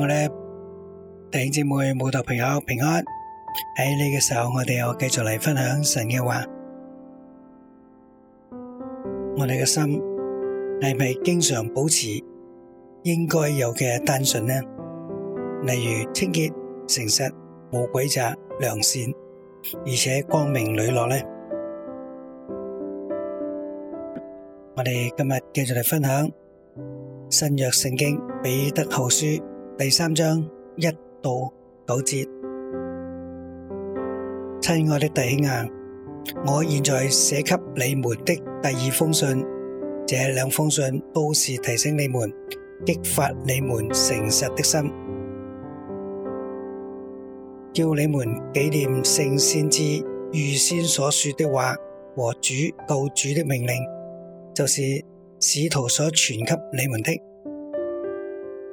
我哋弟兄姊妹、慕道朋友平安，喺呢個時候，我哋又繼續嚟分享神嘅話。我哋嘅心係咪經常保持應該有嘅單純呢？例如清潔、誠實、無詭詐、良善，而且光明磊落呢？我哋今日繼續嚟分享新約聖經彼得後書。第三章一到九節，親愛的弟兄啊，我現在寫給你們的第二封信，這兩封信都是提醒你們，激發你們誠實的心，叫你們紀念聖先知預先所說的話和主救主的命令，就是使徒所傳給你們的。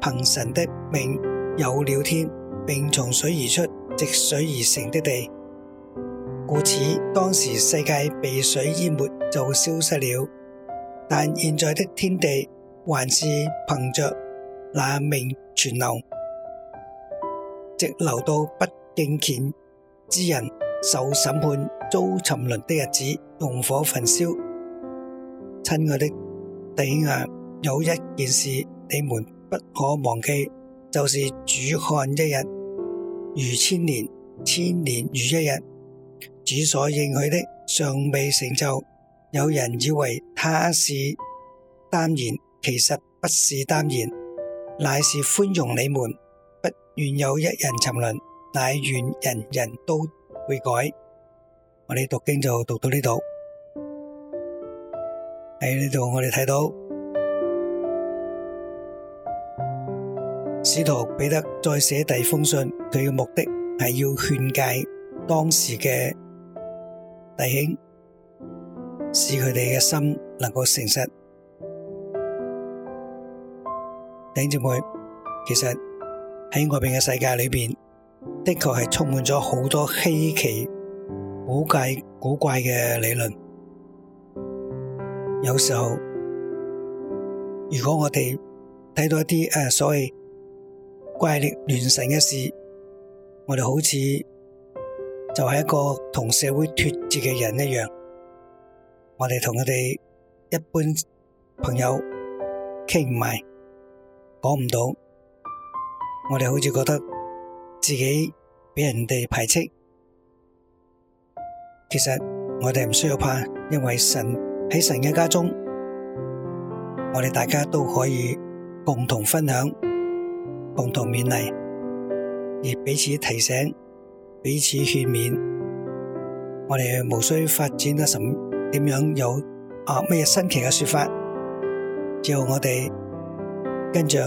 憑神的命有了天，並從水而出，藉水而成的地，故此當時世界被水淹沒就消失了。但現在的天地還是憑着那命存留，直留到不敬虔之人受審判、遭沉淪的日子，用火焚燒。親愛的弟兄啊，有一件事你們。不可忘記，就是主看一日如千年，千年如一日。主所應許的尚未成就。有人以為他是耽延，其實不是耽延，乃是寬容你們。不願有一人沉淪，乃願人人都會改。我哋讀經就讀到呢度。喺呢度我哋睇到。使徒彼得再寫第二封信，佢嘅目的係要勸誡當時嘅弟兄，使佢哋嘅心能夠誠實。頂住佢，其實喺外邊嘅世界裏邊，的確係充滿咗好多稀奇古怪古怪嘅理論。有時候，如果我哋睇到一啲誒、呃、所謂，怪力亂神嘅事，我哋好似就係一個同社會脫節嘅人一樣，我哋同我哋一般朋友傾唔埋，講唔到，我哋好似覺得自己俾人哋排斥。其實我哋唔需要怕，因為神喺神嘅家中，我哋大家都可以共同分享。共同勉勵，而彼此提醒，彼此勸勉，我哋無需發展得什點樣有啊乜嘢新奇嘅說法，只要我哋跟住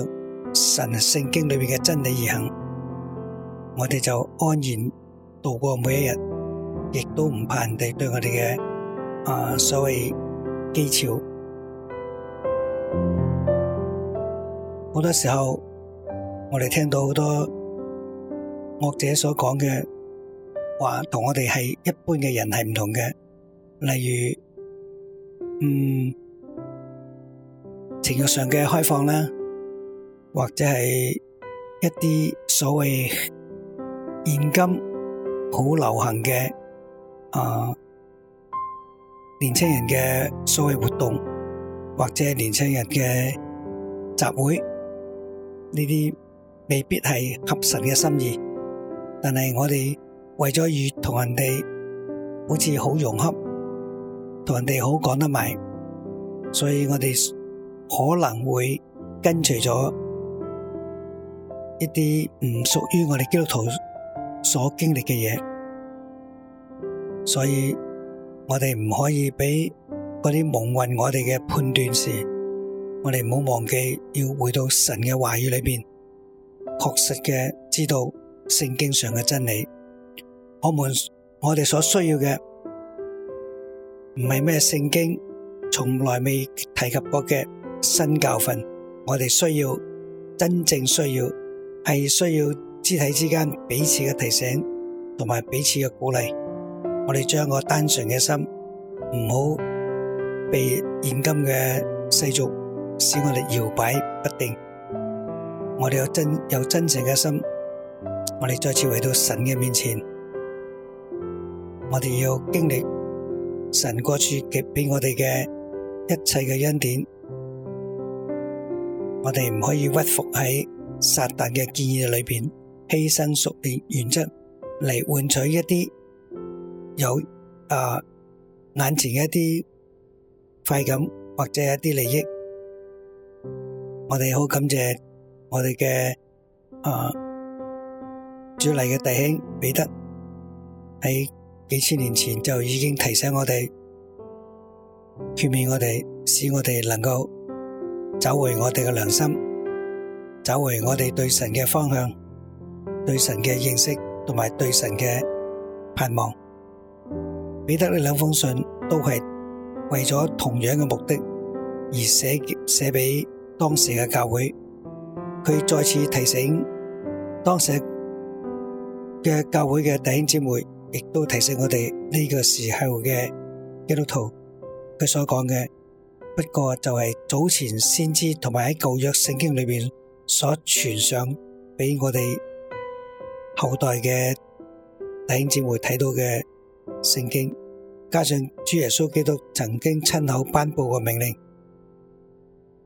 神聖經裏面嘅真理而行，我哋就安然度過每一日，亦都唔怕人哋對我哋嘅啊所謂譏誚。好多時候，我哋聽到好多樂者所講嘅話，同我哋係一般嘅人係唔同嘅。例如，嗯，情欲上嘅開放啦，或者係一啲所謂現今好流行嘅啊、呃，年青人嘅所謂活動，或者年青人嘅集會呢啲。未必係合神嘅心意，但係我哋為咗與同人哋好似好融洽，同人哋好講得埋，所以我哋可能會跟隨咗一啲唔屬於我哋基督徒所經歷嘅嘢，所以我哋唔可以俾嗰啲蒙混我哋嘅判斷時，我哋唔好忘記要回到神嘅話語裏邊。確實嘅知道聖經上嘅真理，我們我哋所需要嘅唔係咩聖經從來未提及過嘅新教訓，我哋需要真正需要係需要肢體之間彼此嘅提醒同埋彼此嘅鼓勵，我哋將我單純嘅心唔好被現今嘅世俗使我哋搖擺不定。我哋有真有真誠嘅心，我哋再次回到神嘅面前，我哋要經歷神嗰處嘅俾我哋嘅一切嘅恩典，我哋唔可以屈服喺撒旦嘅建議裏邊犧牲屬靈原則嚟換取一啲有啊、呃、眼前嘅一啲快感或者一啲利益，我哋好感謝。我哋嘅啊，主嚟嘅弟兄彼得喺幾千年前就已經提醒我哋，勸勉我哋，使我哋能夠找回我哋嘅良心，找回我哋對神嘅方向、對神嘅認識同埋對神嘅盼望。彼得呢兩封信都係為咗同樣嘅目的而寫寫俾當時嘅教會。佢再次提醒當時嘅教會嘅弟兄姊妹，亦都提醒我哋呢個時候嘅基督徒，佢所講嘅不過就係早前先知同埋喺舊約聖經裏邊所傳上俾我哋後代嘅弟兄姊妹睇到嘅聖經，加上主耶穌基督曾經親口頒布嘅命令，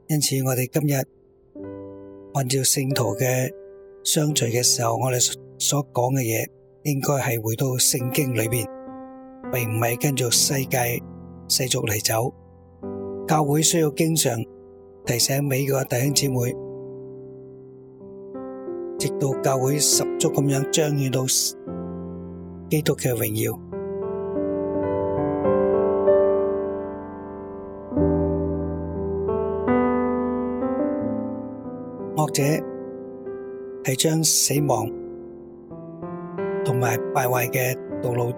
因此我哋今日。按照聖徒嘅相聚嘅時候，我哋所講嘅嘢應該係回到聖經裏邊，並唔係跟住世界世俗嚟走。教會需要經常提醒美國弟兄姊妹，直到教會十足咁樣彰顯到基督嘅榮耀。者係將死亡同埋敗壞嘅道路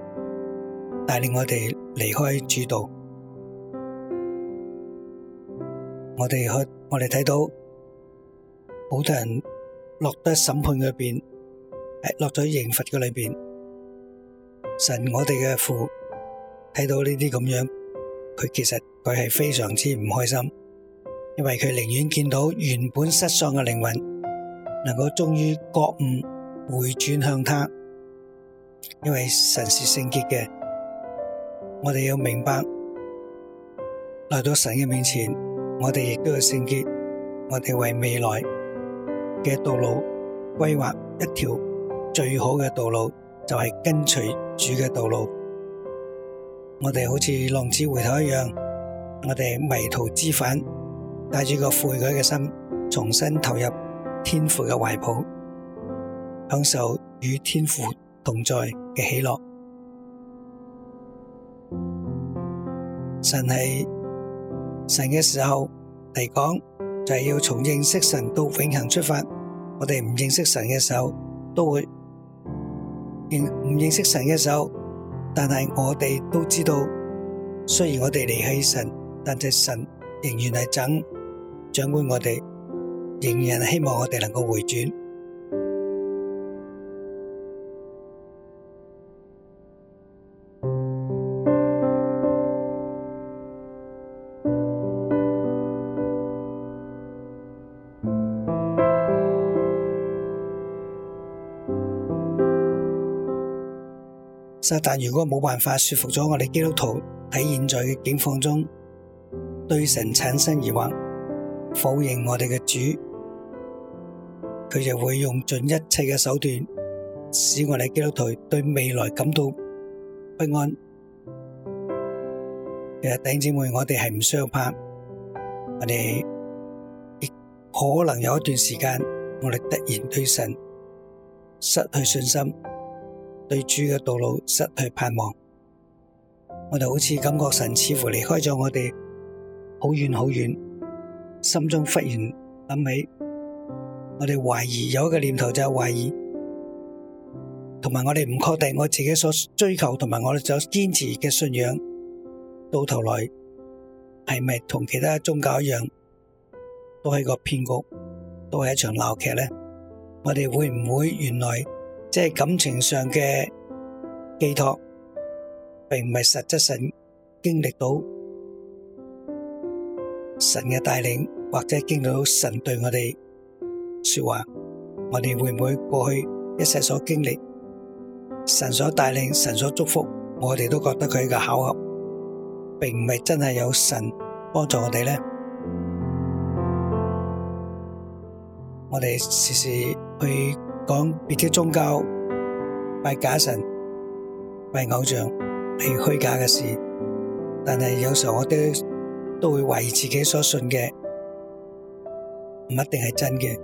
帶領我哋離開主道，我哋去，我哋睇到好多人落得審判裏邊，誒落咗刑罰嘅裏邊，神我哋嘅父睇到呢啲咁樣，佢其實佢係非常之唔開心。因為佢寧願見到原本失喪嘅靈魂，能夠終於覺悟回轉向他。因為神是聖潔嘅，我哋要明白，來到神嘅面前，我哋亦都要聖潔。我哋為未來嘅道路規劃一條最好嘅道路，就係跟隨主嘅道路。我哋好似浪子回頭一樣，我哋迷途知返。帶住個悔改嘅心，重新投入天父嘅懷抱，享受與天父同在嘅喜樂。神係神嘅時候嚟講，就係要從認識神到永恆出發。我哋唔認識神嘅時候，都會認唔認識神嘅時候。但係我哋都知道，雖然我哋離棄神，但係神仍然係等。長官，我哋仍然希望我哋能夠回轉。但係如果冇辦法說服咗我哋基督徒喺現在嘅境況中對神產生疑惑。否認我哋嘅主，佢就會用盡一切嘅手段，使我哋基督徒對未來感到不安。其實弟兄姊妹，我哋係唔相拍，我哋亦可能有一段時間，我哋突然對神失去信心，對主嘅道路失去盼望，我哋好似感覺神似乎離開咗我哋，好遠好遠。心中忽然諗起，我哋懷疑有一個念頭就係懷疑，同埋我哋唔確定我自己所追求同埋我哋所堅持嘅信仰，到頭來係咪同其他宗教一樣，都係個騙局，都係一場鬧劇咧？我哋會唔會原來即係感情上嘅寄託，並唔係實質性經歷到？神嘅帶領，或者經歷到神對我哋說話，我哋會唔會過去一切所經歷，神所帶領、神所祝福，我哋都覺得佢嘅巧合，並唔係真係有神幫助我哋呢？我哋時時去講別嘅宗教、拜假神、拜偶像係虛假嘅事，但係有時候我哋。都會懷疑自己所信嘅唔一定係真嘅，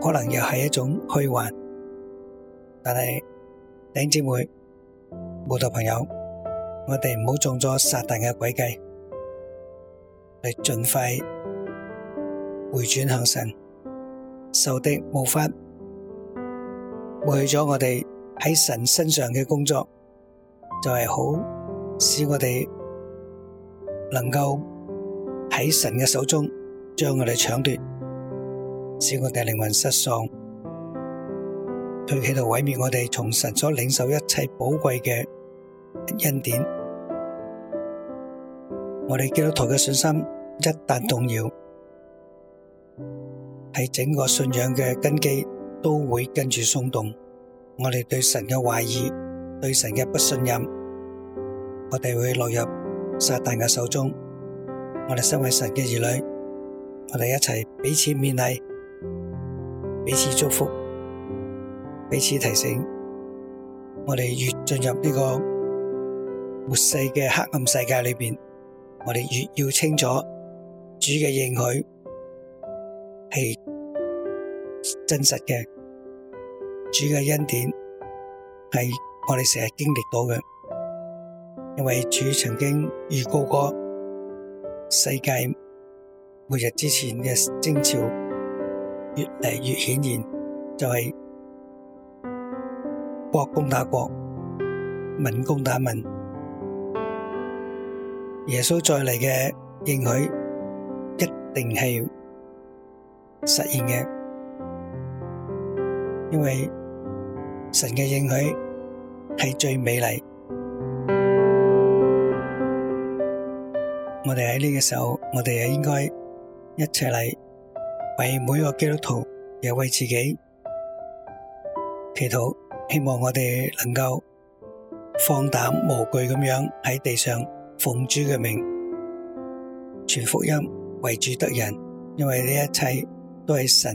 可能又係一種虛幻。但係頂姐妹、信徒朋友，我哋唔好中咗撒但嘅詭計，嚟盡快回轉向神。受敵無法，抹去咗我哋喺神身上嘅工作，就係、是、好使我哋。能夠喺神嘅手中將我哋搶奪，使我哋靈魂失喪，佢喺度毀滅我哋從神所領受一切寶貴嘅恩典。我哋基督徒嘅信心一旦動搖，係整個信仰嘅根基都會跟住鬆動。我哋對神嘅懷疑，對神嘅不信任，我哋會落入。撒旦嘅手中，我哋身為神嘅兒女，我哋一齊彼此勉勵、彼此祝福、彼此提醒。我哋越進入呢個末世嘅黑暗世界裏邊，我哋越要清楚主嘅應許係真實嘅，主嘅恩典係我哋成日經歷到嘅。因為主曾經預告過世界末日之前嘅徵兆越嚟越顯然，就係國攻打國，民攻打民。耶穌再嚟嘅應許一定係實現嘅，因為神嘅應許係最美麗。我哋喺呢個時候，我哋也應該一齊嚟，為每個基督徒，也為自己祈禱，希望我哋能夠放膽無懼咁樣喺地上奉主嘅命傳福音，為主得人。因為呢一切都係神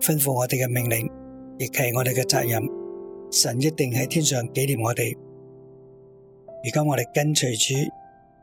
吩咐我哋嘅命令，亦係我哋嘅責任。神一定喺天上紀念我哋。而家我哋跟隨主。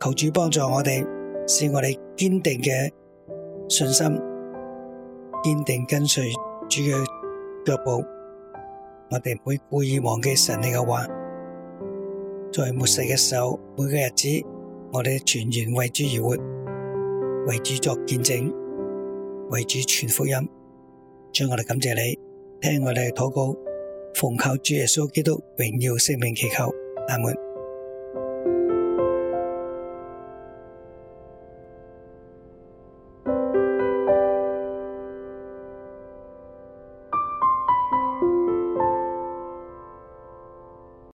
求主幫助我哋，使我哋堅定嘅信心，堅定跟隨主嘅腳步。我哋唔會故意忘記神你嘅話，在末世嘅時候，每個日子，我哋全然為主而活，為主作見證，為主傳福音。主，我哋感謝你，聽我哋禱告，奉靠主耶穌基督榮耀聖名祈求，阿門。